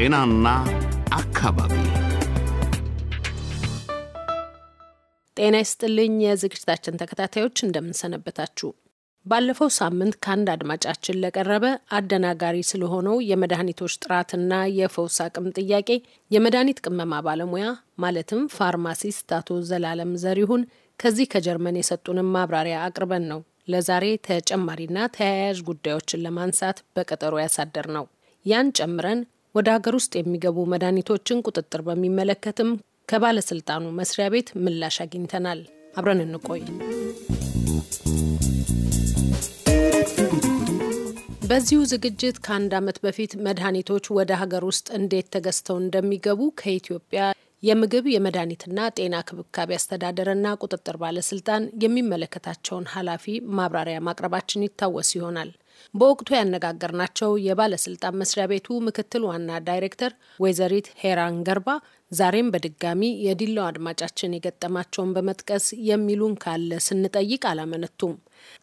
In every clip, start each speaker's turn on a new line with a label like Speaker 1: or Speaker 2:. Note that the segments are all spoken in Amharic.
Speaker 1: ጤናና አካባቢ
Speaker 2: ጤና ይስጥልኝ የዝግጅታችን ተከታታዮች እንደምንሰነበታችሁ። ባለፈው ሳምንት ከአንድ አድማጫችን ለቀረበ አደናጋሪ ስለሆነው የመድኃኒቶች ጥራትና የፈውስ አቅም ጥያቄ የመድኃኒት ቅመማ ባለሙያ ማለትም ፋርማሲስት አቶ ዘላለም ዘሪሁን ከዚህ ከጀርመን የሰጡንም ማብራሪያ አቅርበን ነው ለዛሬ ተጨማሪና ተያያዥ ጉዳዮችን ለማንሳት በቀጠሮ ያሳደር ነው። ያን ጨምረን ወደ ሀገር ውስጥ የሚገቡ መድኃኒቶችን ቁጥጥር በሚመለከትም ከባለስልጣኑ መስሪያ ቤት ምላሽ አግኝተናል። አብረን እንቆይ። በዚሁ ዝግጅት ከአንድ ዓመት በፊት መድኃኒቶች ወደ ሀገር ውስጥ እንዴት ተገዝተው እንደሚገቡ ከኢትዮጵያ የምግብ የመድኃኒትና ጤና ክብካቤ አስተዳደርና ቁጥጥር ባለስልጣን የሚመለከታቸውን ኃላፊ ማብራሪያ ማቅረባችን ይታወስ ይሆናል። በወቅቱ ያነጋገርናቸው የባለስልጣን መስሪያ ቤቱ ምክትል ዋና ዳይሬክተር ወይዘሪት ሄራን ገርባ ዛሬም በድጋሚ የዲላው አድማጫችን የገጠማቸውን በመጥቀስ የሚሉን ካለ ስንጠይቅ አላመነቱም።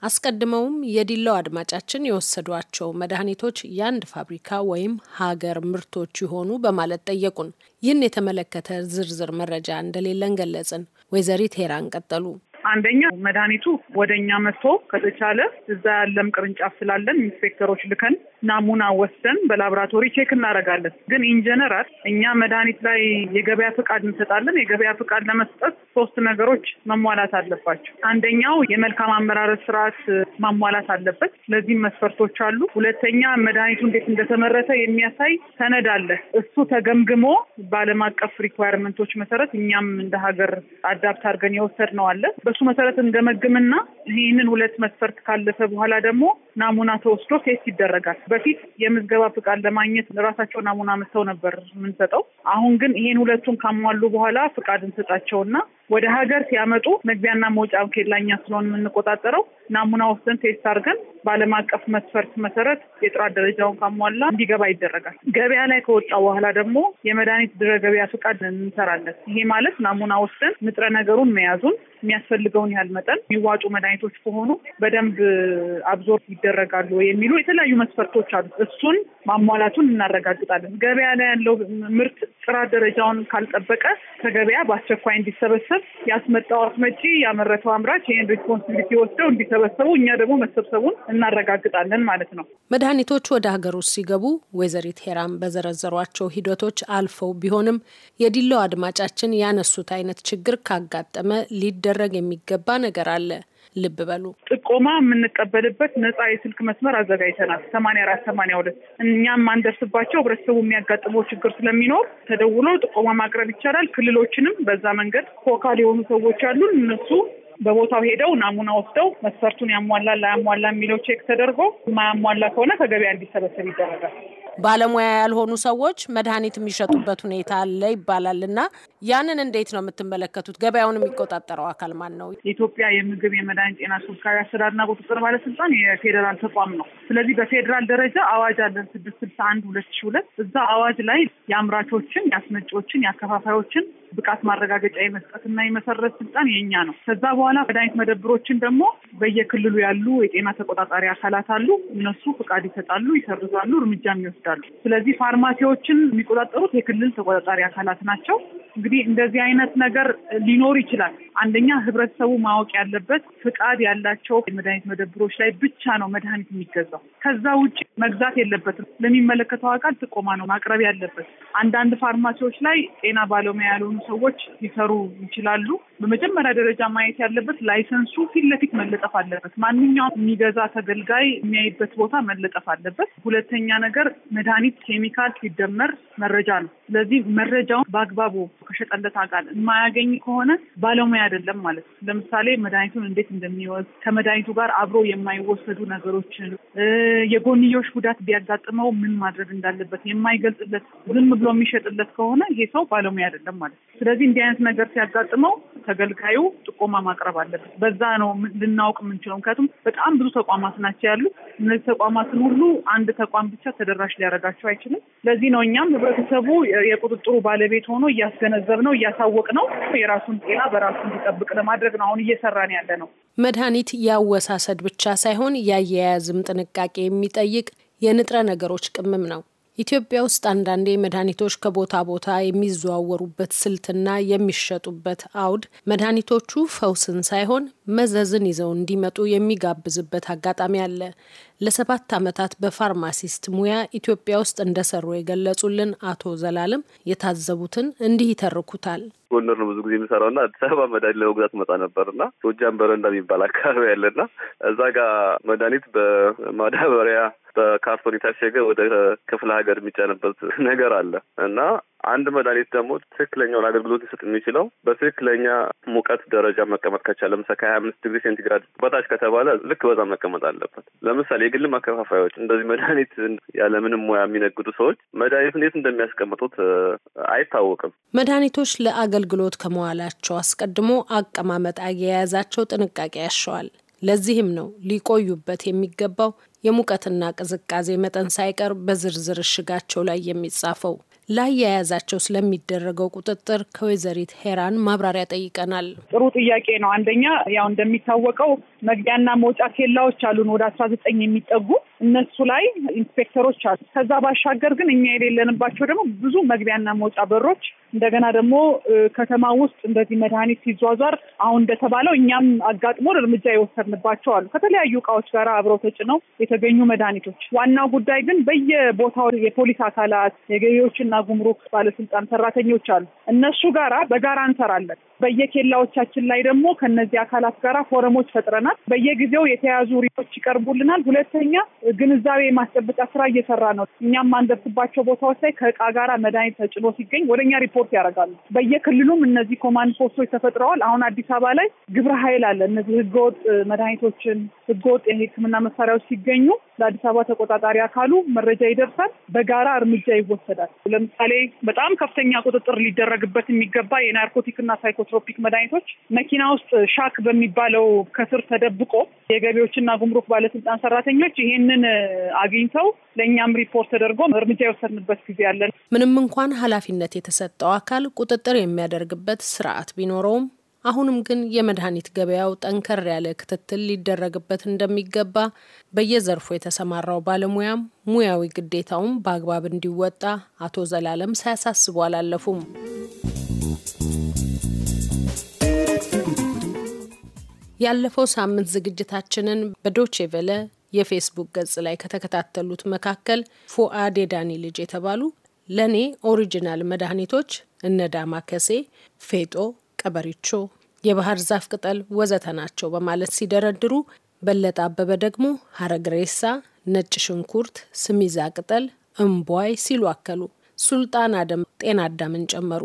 Speaker 2: አስቀድመውም የዲላው አድማጫችን የወሰዷቸው መድኃኒቶች የአንድ ፋብሪካ ወይም ሀገር ምርቶች ይሆኑ በማለት ጠየቁን። ይህን የተመለከተ ዝርዝር መረጃ እንደሌለን ገለጽን። ወይዘሪት ሄራን
Speaker 3: ቀጠሉ። አንደኛ መድኃኒቱ ወደ እኛ መጥቶ ከተቻለ እዛ ያለም ቅርንጫፍ ስላለን ኢንስፔክተሮች ልከን ናሙና ወስደን በላቦራቶሪ ቼክ እናደርጋለን። ግን ኢንጀነራል እኛ መድኃኒት ላይ የገበያ ፍቃድ እንሰጣለን። የገበያ ፍቃድ ለመስጠት ሶስት ነገሮች መሟላት አለባቸው። አንደኛው የመልካም አመራረት ስርዓት ማሟላት አለበት። ለዚህም መስፈርቶች አሉ። ሁለተኛ መድኃኒቱ እንዴት እንደተመረተ የሚያሳይ ሰነድ አለ። እሱ ተገምግሞ በዓለም አቀፍ ሪኳየርመንቶች መሰረት እኛም እንደ ሀገር አዳፕት አድርገን ነው አለ። በእሱ መሰረት እንገመግምና ይህንን ሁለት መስፈርት ካለፈ በኋላ ደግሞ ናሙና ተወስዶ ቴስት ይደረጋል። በፊት የምዝገባ ፍቃድ ለማግኘት ራሳቸው ናሙና መጥተው ነበር የምንሰጠው። አሁን ግን ይህን ሁለቱን ካሟሉ በኋላ ፍቃድ እንሰጣቸውና ወደ ሀገር ሲያመጡ መግቢያና መውጫ ኬላኛ ስለሆን የምንቆጣጠረው ናሙና ወስደን ቴስት አድርገን በዓለም አቀፍ መስፈርት መሰረት የጥራት ደረጃውን ካሟላ እንዲገባ ይደረጋል። ገበያ ላይ ከወጣ በኋላ ደግሞ የመድኃኒት ድረ ገበያ ፍቃድ እንሰራለን። ይሄ ማለት ናሙና ወስደን ንጥረ ነገሩን መያዙን የሚያስፈልገውን ያህል መጠን የሚዋጡ መድኃኒቶች ከሆኑ በደንብ አብዞር ይደረጋሉ የሚሉ የተለያዩ መስፈርቶች አሉ። እሱን ማሟላቱን እናረጋግጣለን። ገበያ ላይ ያለው ምርት ጥራት ደረጃውን ካልጠበቀ ከገበያ በአስቸኳይ እንዲሰበሰብ ነገር ያስመጣው አስመጪ፣ ያመረተው አምራች ይህን ሪስፖንሲቢሊቲ ወስደው እንዲሰበሰቡ እኛ ደግሞ መሰብሰቡን እናረጋግጣለን ማለት ነው።
Speaker 2: መድኃኒቶች ወደ ሀገር ውስጥ ሲገቡ ወይዘሪት ሄራም በዘረዘሯቸው ሂደቶች አልፈው ቢሆንም የዲሎ አድማጫችን ያነሱት አይነት ችግር ካጋጠመ
Speaker 3: ሊደረግ የሚገባ ነገር አለ። ልብ በሉ። ጥቆማ የምንቀበልበት ነጻ የስልክ መስመር አዘጋጅተናል። ሰማንያ አራት ሰማንያ ሁለት እኛም ማንደርስባቸው ህብረተሰቡ የሚያጋጥመው ችግር ስለሚኖር ተደውሎ ጥቆማ ማቅረብ ይቻላል። ክልሎችንም በዛ መንገድ ፎካል የሆኑ ሰዎች አሉን እነሱ በቦታው ሄደው ናሙና ወስደው መስፈርቱን ያሟላል ላያሟላ የሚለው ቼክ ተደርጎ ማያሟላ ከሆነ ከገበያ እንዲሰበሰብ ይደረጋል። ባለሙያ ያልሆኑ ሰዎች
Speaker 2: መድኃኒት የሚሸጡበት ሁኔታ አለ ይባላል እና ያንን እንዴት ነው የምትመለከቱት? ገበያውን የሚቆጣጠረው
Speaker 3: አካል ማን ነው? የኢትዮጵያ የምግብ የመድኃኒት ጤና ስካሪ አስተዳደርና ቁጥጥር ባለስልጣን የፌዴራል ተቋም ነው። ስለዚህ በፌዴራል ደረጃ አዋጅ አለን ስድስት ስልሳ አንድ ሁለት ሺ ሁለት እዛ አዋጅ ላይ የአምራቾችን፣ የአስመጪዎችን፣ የአከፋፋዮችን ብቃት ማረጋገጫ የመስጠትና የመሰረት ስልጣን የኛ ነው። ከዛ በኋላ መድኃኒት መደብሮችን ደግሞ በየክልሉ ያሉ የጤና ተቆጣጣሪ አካላት አሉ። እነሱ ፍቃድ ይሰጣሉ፣ ይሰርዛሉ፣ እርምጃም ይወስዳሉ። ይሰጣሉ። ስለዚህ ፋርማሲዎችን የሚቆጣጠሩት የክልል ተቆጣጣሪ አካላት ናቸው። እንግዲህ እንደዚህ አይነት ነገር ሊኖር ይችላል። አንደኛ ህብረተሰቡ ማወቅ ያለበት ፍቃድ ያላቸው የመድኃኒት መደብሮች ላይ ብቻ ነው መድኃኒት የሚገዛው። ከዛ ውጭ መግዛት የለበትም። ለሚመለከተው አካል ጥቆማ ነው ማቅረብ ያለበት። አንዳንድ ፋርማሲዎች ላይ ጤና ባለሙያ ያልሆኑ ሰዎች ሊሰሩ ይችላሉ። በመጀመሪያ ደረጃ ማየት ያለበት ላይሰንሱ ፊት ለፊት መለጠፍ አለበት። ማንኛውም የሚገዛ ተገልጋይ የሚያይበት ቦታ መለጠፍ አለበት። ሁለተኛ ነገር መድኃኒት ኬሚካል ሲደመር መረጃ ነው። ስለዚህ መረጃውን በአግባቡ ከሸጠለት አቃል የማያገኝ ከሆነ ባለሙያ አይደለም ማለት ነው። ለምሳሌ መድኃኒቱን እንዴት እንደሚወዝ ከመድኃኒቱ ጋር አብሮ የማይወሰዱ ነገሮችን፣ የጎንዮሽ ጉዳት ቢያጋጥመው ምን ማድረግ እንዳለበት የማይገልጽለት ዝም ብሎ የሚሸጥለት ከሆነ ይሄ ሰው ባለሙያ አይደለም ማለት ነው። ስለዚህ እንዲህ አይነት ነገር ሲያጋጥመው ተገልጋዩ ጥቆማ ማቅረብ አለበት። በዛ ነው ልናውቅ የምንችለው። ምክንያቱም በጣም ብዙ ተቋማት ናቸው ያሉት። እነዚህ ተቋማትን ሁሉ አንድ ተቋም ብቻ ተደራሽ ሊያደርጋቸው አይችልም። ለዚህ ነው እኛም ህብረተሰቡ የቁጥጥሩ ባለቤት ሆኖ እያስገነዘብ ነው እያሳወቅ ነው የራሱን ጤና በራሱ እንዲጠብቅ ለማድረግ ነው አሁን እየሰራን ያለ ነው።
Speaker 2: መድኃኒት ያወሳሰድ ብቻ ሳይሆን ያያያዝም ጥንቃቄ የሚጠይቅ የንጥረ ነገሮች ቅመም ነው። ኢትዮጵያ ውስጥ አንዳንዴ መድኃኒቶች ከቦታ ቦታ የሚዘዋወሩበት ስልትና የሚሸጡበት አውድ መድኃኒቶቹ ፈውስን ሳይሆን መዘዝን ይዘው እንዲመጡ የሚጋብዝበት አጋጣሚ አለ። ለሰባት ዓመታት በፋርማሲስት ሙያ ኢትዮጵያ ውስጥ እንደሰሩ የገለጹልን አቶ ዘላለም የታዘቡትን እንዲህ ይተርኩታል።
Speaker 1: ጎንደር ነው ብዙ ጊዜ የሚሰራው እና አዲስ አበባ መድኃኒት ለመግዛት መጣ ነበር እና ጎጃም በረንዳ የሚባል አካባቢ ያለና እዛ ጋር መድኃኒት በማዳበሪያ በካርቶን የታሸገ ወደ ክፍለ ሀገር የሚጫንበት ነገር አለ እና አንድ መድኃኒት ደግሞ ትክክለኛውን አገልግሎት ሊሰጥ የሚችለው በትክክለኛ ሙቀት ደረጃ መቀመጥ ከቻለ ለምሳሌ ከሀያ አምስት ዲግሪ ሴንቲግራድ በታች ከተባለ ልክ በዛ መቀመጥ አለበት። ለምሳሌ የግል ማከፋፋዮች እንደዚህ መድኃኒት ያለምንም ሙያ የሚነግዱ ሰዎች መድኃኒት እንዴት እንደሚያስቀምጡት አይታወቅም።
Speaker 2: መድኃኒቶች ለአገልግሎት ከመዋላቸው አስቀድሞ አቀማመጥ አያያዛቸው ጥንቃቄ ያሻዋል። ለዚህም ነው ሊቆዩበት የሚገባው የሙቀትና ቅዝቃዜ መጠን ሳይቀር በዝርዝር እሽጋቸው ላይ የሚጻፈው። ላያያዛቸው ስለሚደረገው ቁጥጥር ከወይዘሪት ሄራን ማብራሪያ ጠይቀናል። ጥሩ ጥያቄ
Speaker 3: ነው። አንደኛ ያው እንደሚታወቀው መግቢያና መውጫ ኬላዎች አሉን ወደ አስራ ዘጠኝ የሚጠጉ እነሱ ላይ ኢንስፔክተሮች አሉ። ከዛ ባሻገር ግን እኛ የሌለንባቸው ደግሞ ብዙ መግቢያና መውጫ በሮች፣ እንደገና ደግሞ ከተማ ውስጥ እንደዚህ መድኃኒት ሲዟዟር አሁን እንደተባለው እኛም አጋጥሞ እርምጃ የወሰድንባቸው አሉ። ከተለያዩ እቃዎች ጋር አብረው ተጭነው የተገኙ መድኃኒቶች። ዋናው ጉዳይ ግን በየቦታው የፖሊስ አካላት የገቢዎችና ጉምሩክ ባለስልጣን ሰራተኞች አሉ። እነሱ ጋራ በጋራ እንሰራለን። በየኬላዎቻችን ላይ ደግሞ ከነዚህ አካላት ጋር ፎረሞች ፈጥረናል። በየጊዜው የተያዙ ሪፖርቶች ይቀርቡልናል። ሁለተኛ ግንዛቤ የማስጨበጫ ስራ እየሰራ ነው። እኛም ማንደርስባቸው ቦታዎች ላይ ከእቃ ጋራ መድኃኒት ተጭኖ ሲገኝ ወደኛ ሪፖርት ያደርጋሉ። በየክልሉም እነዚህ ኮማንድ ፖስቶች ተፈጥረዋል። አሁን አዲስ አበባ ላይ ግብረ ኃይል አለ። እነዚህ ህገወጥ መድኃኒቶችን ህገወጥ የህክምና መሳሪያዎች ሲገኙ ለአዲስ አበባ ተቆጣጣሪ አካሉ መረጃ ይደርሳል። በጋራ እርምጃ ይወሰዳል። ለምሳሌ በጣም ከፍተኛ ቁጥጥር ሊደረግበት የሚገባ የናርኮቲክና ሳይኮ ፕሲኮትሮፒክ መድኃኒቶች መኪና ውስጥ ሻክ በሚባለው ከስር ተደብቆ የገቢዎችና ጉምሩክ ባለስልጣን ሰራተኞች ይህንን አግኝተው ለእኛም ሪፖርት ተደርጎ እርምጃ የወሰድንበት ጊዜ አለን። ምንም እንኳን
Speaker 2: ኃላፊነት የተሰጠው አካል ቁጥጥር የሚያደርግበት ስርዓት ቢኖረውም አሁንም ግን የመድኃኒት ገበያው ጠንከር ያለ ክትትል ሊደረግበት እንደሚገባ በየዘርፉ የተሰማራው ባለሙያም ሙያዊ ግዴታውም በአግባብ እንዲወጣ አቶ ዘላለም ሳያሳስቡ አላለፉም። ያለፈው ሳምንት ዝግጅታችንን በዶቼ ቬለ የፌስቡክ ገጽ ላይ ከተከታተሉት መካከል ፎአዴ ዳኒ ልጅ የተባሉ ለእኔ ኦሪጂናል መድኃኒቶች እነ ከሴ፣ ፌጦ፣ ቀበሪቾ፣ የባህር ዛፍ ቅጠል ወዘተ ናቸው በማለት ሲደረድሩ በለጠ አበበ ደግሞ ሀረግሬሳ፣ ነጭ ሽንኩርት፣ ስሚዛ ቅጠል፣ እምቧይ ሲሉ አከሉ። ሱልጣን አደም ጤና አዳምን ጨመሩ።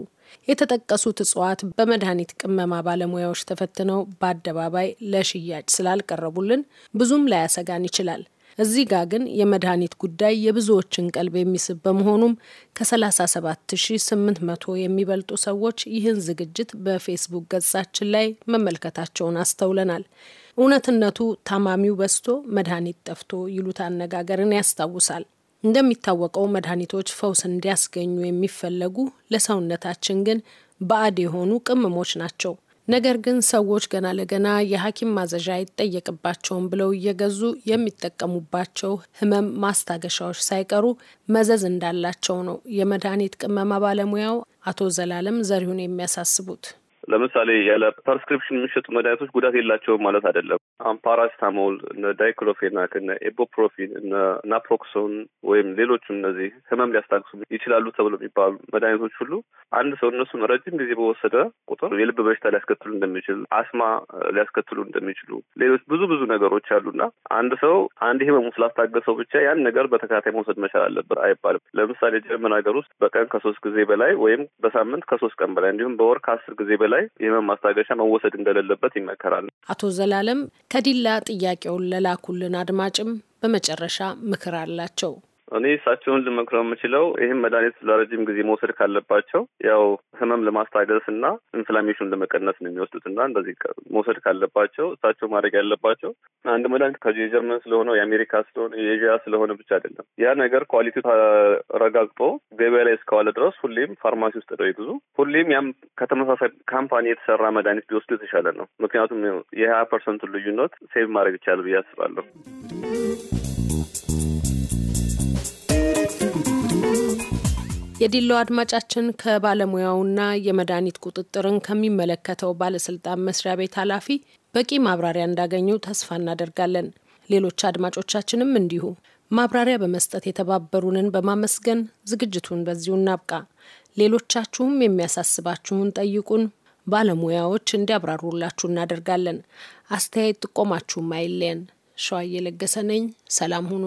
Speaker 2: የተጠቀሱት እጽዋት በመድኃኒት ቅመማ ባለሙያዎች ተፈትነው በአደባባይ ለሽያጭ ስላልቀረቡልን ብዙም ላያሰጋን ይችላል። እዚህ ጋር ግን የመድኃኒት ጉዳይ የብዙዎችን ቀልብ የሚስብ በመሆኑም ከ37800 የሚበልጡ ሰዎች ይህን ዝግጅት በፌስቡክ ገጻችን ላይ መመልከታቸውን አስተውለናል። እውነትነቱ ታማሚው በዝቶ መድኃኒት ጠፍቶ ይሉት አነጋገርን ያስታውሳል። እንደሚታወቀው መድኃኒቶች ፈውስ እንዲያስገኙ የሚፈለጉ ለሰውነታችን ግን ባዕድ የሆኑ ቅመሞች ናቸው። ነገር ግን ሰዎች ገና ለገና የሐኪም ማዘዣ አይጠየቅባቸውም ብለው እየገዙ የሚጠቀሙባቸው ህመም ማስታገሻዎች ሳይቀሩ መዘዝ እንዳላቸው ነው የመድኃኒት ቅመማ ባለሙያው አቶ ዘላለም ዘሪሁን የሚያሳስቡት።
Speaker 1: ለምሳሌ ያለ ፐርስክሪፕሽን የሚሸጡ መድኃኒቶች ጉዳት የላቸውም ማለት አይደለም። አሁን እነ ዳይክሎፌናክ፣ እነ ኤቦፕሮፊን፣ እነ ናፕሮክሶን ወይም ሌሎችም እነዚህ ህመም ሊያስታግሱ ይችላሉ ተብሎ የሚባሉ መድኃኒቶች ሁሉ አንድ ሰው እነሱን ረጅም ጊዜ በወሰደ ቁጥር የልብ በሽታ ሊያስከትሉ እንደሚችል፣ አስማ ሊያስከትሉ እንደሚችሉ፣ ሌሎች ብዙ ብዙ ነገሮች አሉና አንድ ሰው አንድ ህመሙ ስላስታገሰው ብቻ ያን ነገር በተከታታይ መውሰድ መቻል አለበት አይባልም። ለምሳሌ ጀርመን ሀገር ውስጥ በቀን ከሶስት ጊዜ በላይ ወይም በሳምንት ከሶስት ቀን በላይ እንዲሁም በወር ከአስር ጊዜ በላይ በላይ የህመም ማስታገሻ መወሰድ እንደሌለበት ይመከራል።
Speaker 2: አቶ ዘላለም ከዲላ ጥያቄውን ለላኩልን አድማጭም በመጨረሻ ምክር አላቸው።
Speaker 1: እኔ እሳቸውን ልመክረው የምችለው ይህም መድኃኒት ለረጅም ጊዜ መውሰድ ካለባቸው ያው ህመም ለማስታገስ እና ኢንፍላሜሽን ለመቀነስ ነው የሚወስዱት እና እንደዚህ መውሰድ ካለባቸው እሳቸው ማድረግ ያለባቸው አንድ መድኃኒት ከዚ የጀርመን ስለሆነ የአሜሪካ ስለሆነ የኤዥያ ስለሆነ ብቻ አይደለም። ያ ነገር ኳሊቲ ተረጋግጦ ገበያ ላይ እስከዋለ ድረስ ሁሌም ፋርማሲ ውስጥ ደው ይግዙ። ሁሌም ያም ከተመሳሳይ ካምፓኒ የተሰራ መድኃኒት ቢወስዱ የተሻለ ነው። ምክንያቱም የሀያ ፐርሰንቱን ልዩነት ሴቭ ማድረግ ይቻላል ብዬ አስባለሁ።
Speaker 2: የዲላው አድማጫችን ከባለሙያውና የመድኃኒት ቁጥጥርን ከሚመለከተው ባለስልጣን መስሪያ ቤት ኃላፊ በቂ ማብራሪያ እንዳገኙ ተስፋ እናደርጋለን። ሌሎች አድማጮቻችንም እንዲሁ ማብራሪያ በመስጠት የተባበሩንን በማመስገን ዝግጅቱን በዚሁ እናብቃ። ሌሎቻችሁም የሚያሳስባችሁን ጠይቁን፣ ባለሙያዎች እንዲያብራሩላችሁ እናደርጋለን። አስተያየት ጥቆማችሁም አይለየን። ሸዋዬ ለገሰ ነኝ። ሰላም ሁኑ።